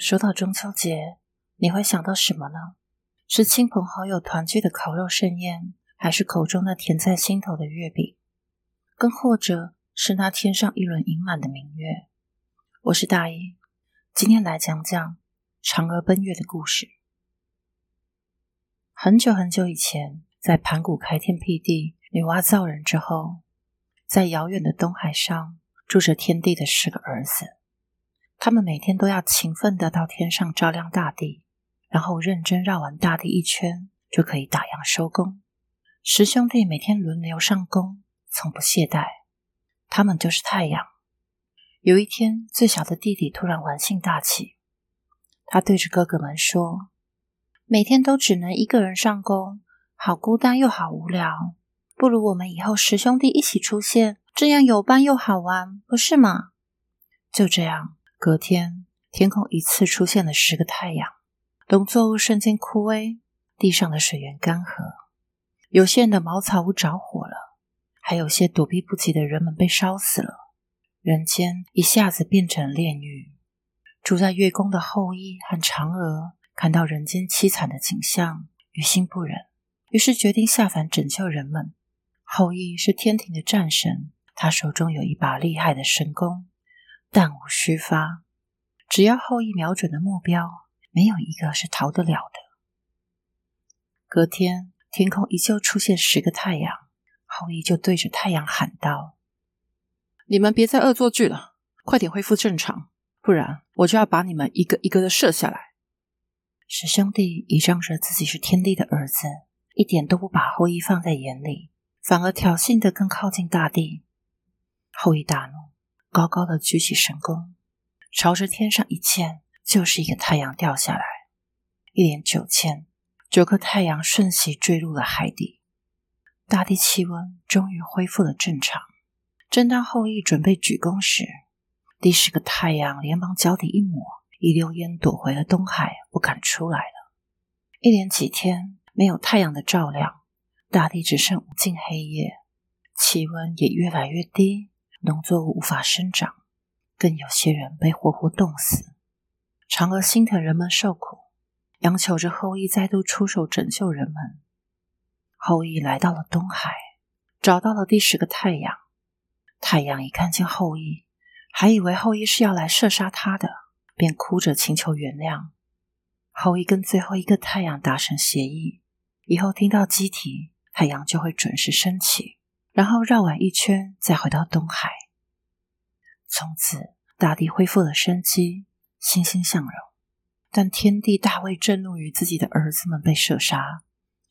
說到中秋節，你會想到什麼呢？是親朋好友團聚的烤肉盛宴，還是口中那甜在心頭的月餅，更或者是那天上一輪盈滿的明月？我是大 E，今天來講講嫦娥奔月的故事。很久很久以前，在盤古開天闢地、女媧造人之後，在遙遠的東海上，住着天帝的十個兒子。他們每天都要勤奮地到天上照亮大地，然後認真繞完大地一圈，就可以打烊收工。十兄弟每天輪流上工，從不懈怠。他們就是太陽。有一天，最小的弟弟突然玩性大起，他對着哥哥們說：“每天都只能一個人上工，好孤單又好無聊，不如我們以後十兄弟一起出現，這樣有伴又好玩，不是嗎？”就這樣。隔天，天空一次出現了十個太陽，農作物瞬間枯萎，地上的水源乾涸，有限的茅草屋着火了，還有些躲避不及的人們被燒死了，人間一下子變成煉獄。住在月宮的后羿和嫦娥看到人間淒慘的景象，於心不忍，於是決定下凡拯救人們。後羿是天庭的戰神，他手中有一把厲害的神弓。彈無虛發，只要后羿瞄準的目標，沒有一個是逃得了的。隔天，天空依舊出現十個太陽，後羿就對着太陽喊道：“你們別再惡作劇了，快點恢復正常，不然我就要把你們一個一個的射下來。”十兄弟倚仗着自己是天帝的兒子，一點都不把后羿放在眼裡，反而挑釁的更靠近大地。後羿大怒。高高的舉起神弓，朝着天上一箭，就是一個太陽掉下來。一連九箭，九顆太陽瞬息墜入了海底。大地氣溫終於恢復了正常。正當后羿準備舉弓時，第十個太陽連忙腳底一抹，一溜煙躲回了東海，不敢出來了。一連幾天沒有太陽的照亮，大地只剩無盡黑夜，氣溫也越來越低。農作物無法生長，更有些人被活活凍死。嫦娥心疼人們受苦，央求着后羿再度出手拯救人們。後羿來到了東海，找到了第十個太陽。太陽一看見后羿，還以為后羿是要來射殺他的，便哭着請求原諒。後羿跟最後一個太陽達成協議，以後聽到雞啼，太陽就會準時升起。然後繞完一圈，再回到東海。從此，大地恢復了生機，欣欣向榮。但天帝大為震怒於自己的兒子們被射殺，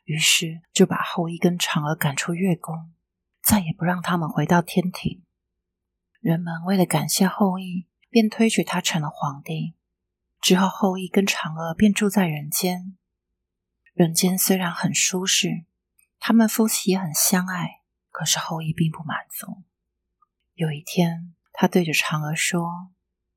於是就把后羿跟嫦娥趕出月宮，再也不讓他們回到天庭。人們為了感謝后羿，便推舉他成了皇帝。之後，後羿跟嫦娥便住在人間。人間雖然很舒適，他們夫妻也很相愛。可是後羿並不滿足。有一天，他對着嫦娥說：“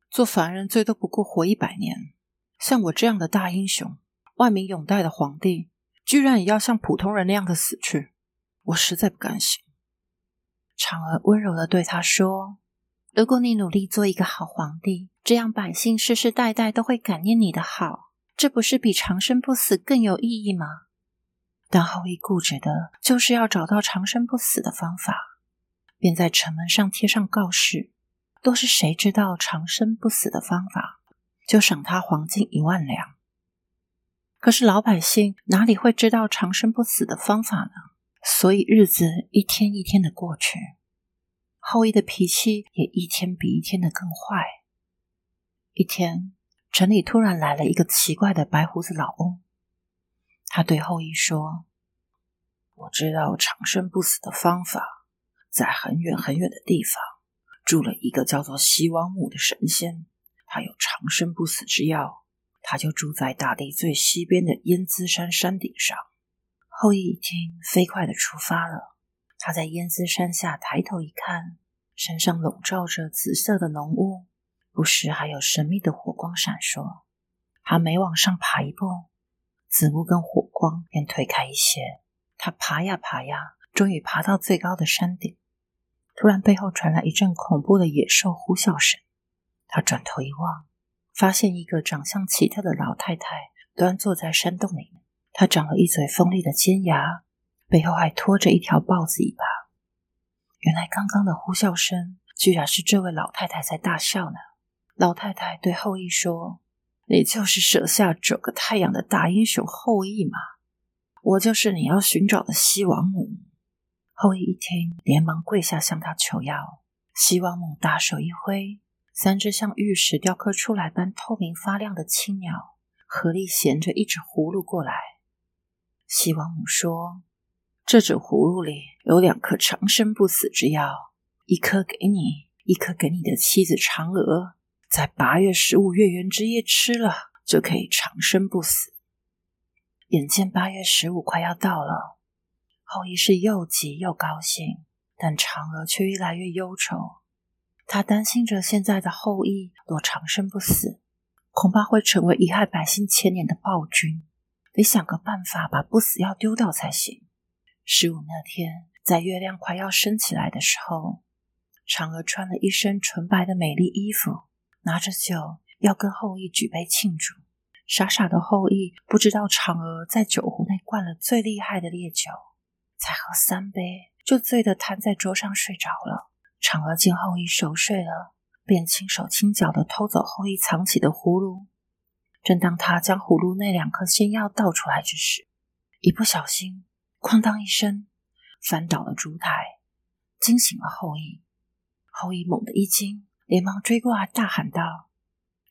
做凡人最多不過活一百年，像我這樣的大英雄、萬民擁戴的皇帝，居然也要像普通人那樣的死去，我實在不甘心。”嫦娥溫柔地對他說：“如果你努力做一個好皇帝，這樣百姓世世代代都會感念你的好，這不是比長生不死更有意義嗎？”但后羿固執的，就是要找到長生不死的方法，便在城門上貼上告示：“都是誰知道長生不死的方法，就賞他黃金一萬兩。”可是老百姓哪裡會知道長生不死的方法呢？所以日子一天一天的過去，後羿的脾氣也一天比一天的更壞。一天，城裡突然來了一個奇怪的白鬍子老翁。他對后羿說：“我知道長生不死的方法，在很遠很遠的地方住了一個叫做西王母的神仙，她有長生不死之藥，她就住在大地最西邊的崦嵫山山頂上。”后羿一聽，飛快地出發了。他在崦嵫山下抬頭一看，山上籠罩着紫色的濃霧，不時還有神秘的火光閃爍。他每往上爬一步，紫霧跟火光便退開一些，他爬呀爬呀，終於爬到最高的山頂。突然，背後傳來一陣恐怖的野獸呼嘯聲。他轉頭一望，發現一個長相奇特的老太太端坐在山洞裡面。她長了一嘴鋒利的尖牙，背後還拖着一條豹子尾巴。原來，剛剛的呼嘯聲，居然是這位老太太在大笑呢。老太太對后羿說。你就是射下九個太陽的大英雄后羿嗎？我就是你要尋找的西王母。後羿一聽，連忙跪下向他求藥。西王母大手一揮，三隻像玉石雕刻出來般透明發亮的青鳥合力銜着一隻葫蘆過來。西王母說：“這隻葫蘆裡有兩顆長生不死之藥，一顆給你，一顆給你的妻子嫦娥。”在八月十五月圓之夜吃了，就可以長生不死。眼見八月十五快要到了，後羿是又急又高興，但嫦娥卻越來越憂愁。她擔心着現在的后羿若長生不死，恐怕會成為遺害百姓千年的暴君，得想個辦法把不死藥丟掉才行。十五那天，在月亮快要升起來的時候，嫦娥穿了一身純白的美麗衣服。.拿着酒要跟后羿舉杯慶祝，傻傻的后羿不知道嫦娥在酒壺內灌了最厲害的烈酒，才喝三杯就醉得癱在桌上睡着了。嫦娥見后羿熟睡了，便輕手輕腳地偷走后羿藏起的葫蘆。正當她將葫蘆內兩顆仙藥倒出來之時，一不小心，哐當一聲，翻倒了燭台，驚醒了後羿。後羿猛地一驚。連忙追過來、啊，大喊道：“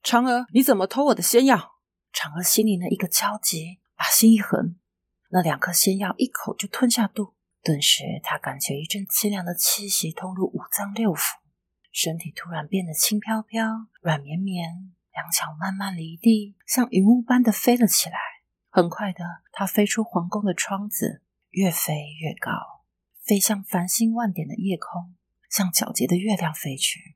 嫦娥，你怎麼偷我的仙藥？”嫦娥心裡那一個焦急，把心一橫，那兩顆仙藥一口就吞下肚。頓時，她感覺一陣淒涼的氣息通入五臟六腑，身體突然變得輕飄飄、軟綿綿，兩腳慢慢離地，像雲霧般的飛了起來。很快的，她飛出皇宮的窗子，越飛越高，飛向繁星萬點的夜空，向皎潔的月亮飛去。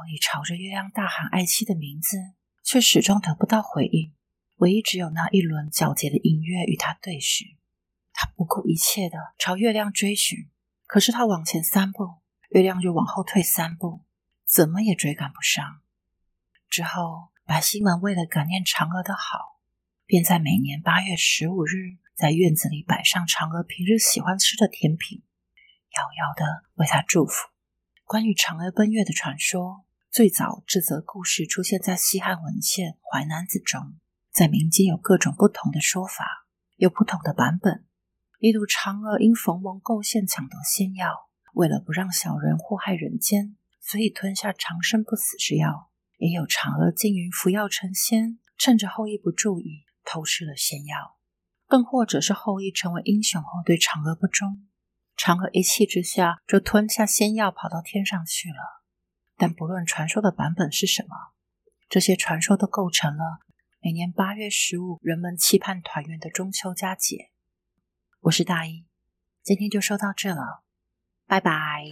早已朝着月亮大喊愛妻的名字，卻始終得不到回應。唯一只有那一輪皎潔的明月與他對視。他不顧一切的朝月亮追尋，可是他往前三步，月亮就往後退三步，怎麼也追趕不上。之後，百姓們為了感念嫦娥的好，便在每年八月十五日，在院子裡擺上嫦娥平日喜歡吃的甜品，遙遙的為她祝福。關於嫦娥奔月的傳說。最早，這則故事出現在西漢文獻《淮南子》中，在民間有各種不同的說法，有不同的版本。一度嫦娥因逢蒙構陷搶奪仙藥，為了不讓小人禍害人間，所以吞下長生不死之藥；也有嫦娥竟云服藥成仙，趁着后羿不注意偷吃了仙藥；更或者是後羿成為英雄後對嫦娥不忠，嫦娥一氣之下就吞下仙藥跑到天上去了。但不論傳說的版本是什麼，這些傳說都構成了每年八月十五人們期盼團圓的中秋佳節。我是大一，今天就說到這了，拜拜。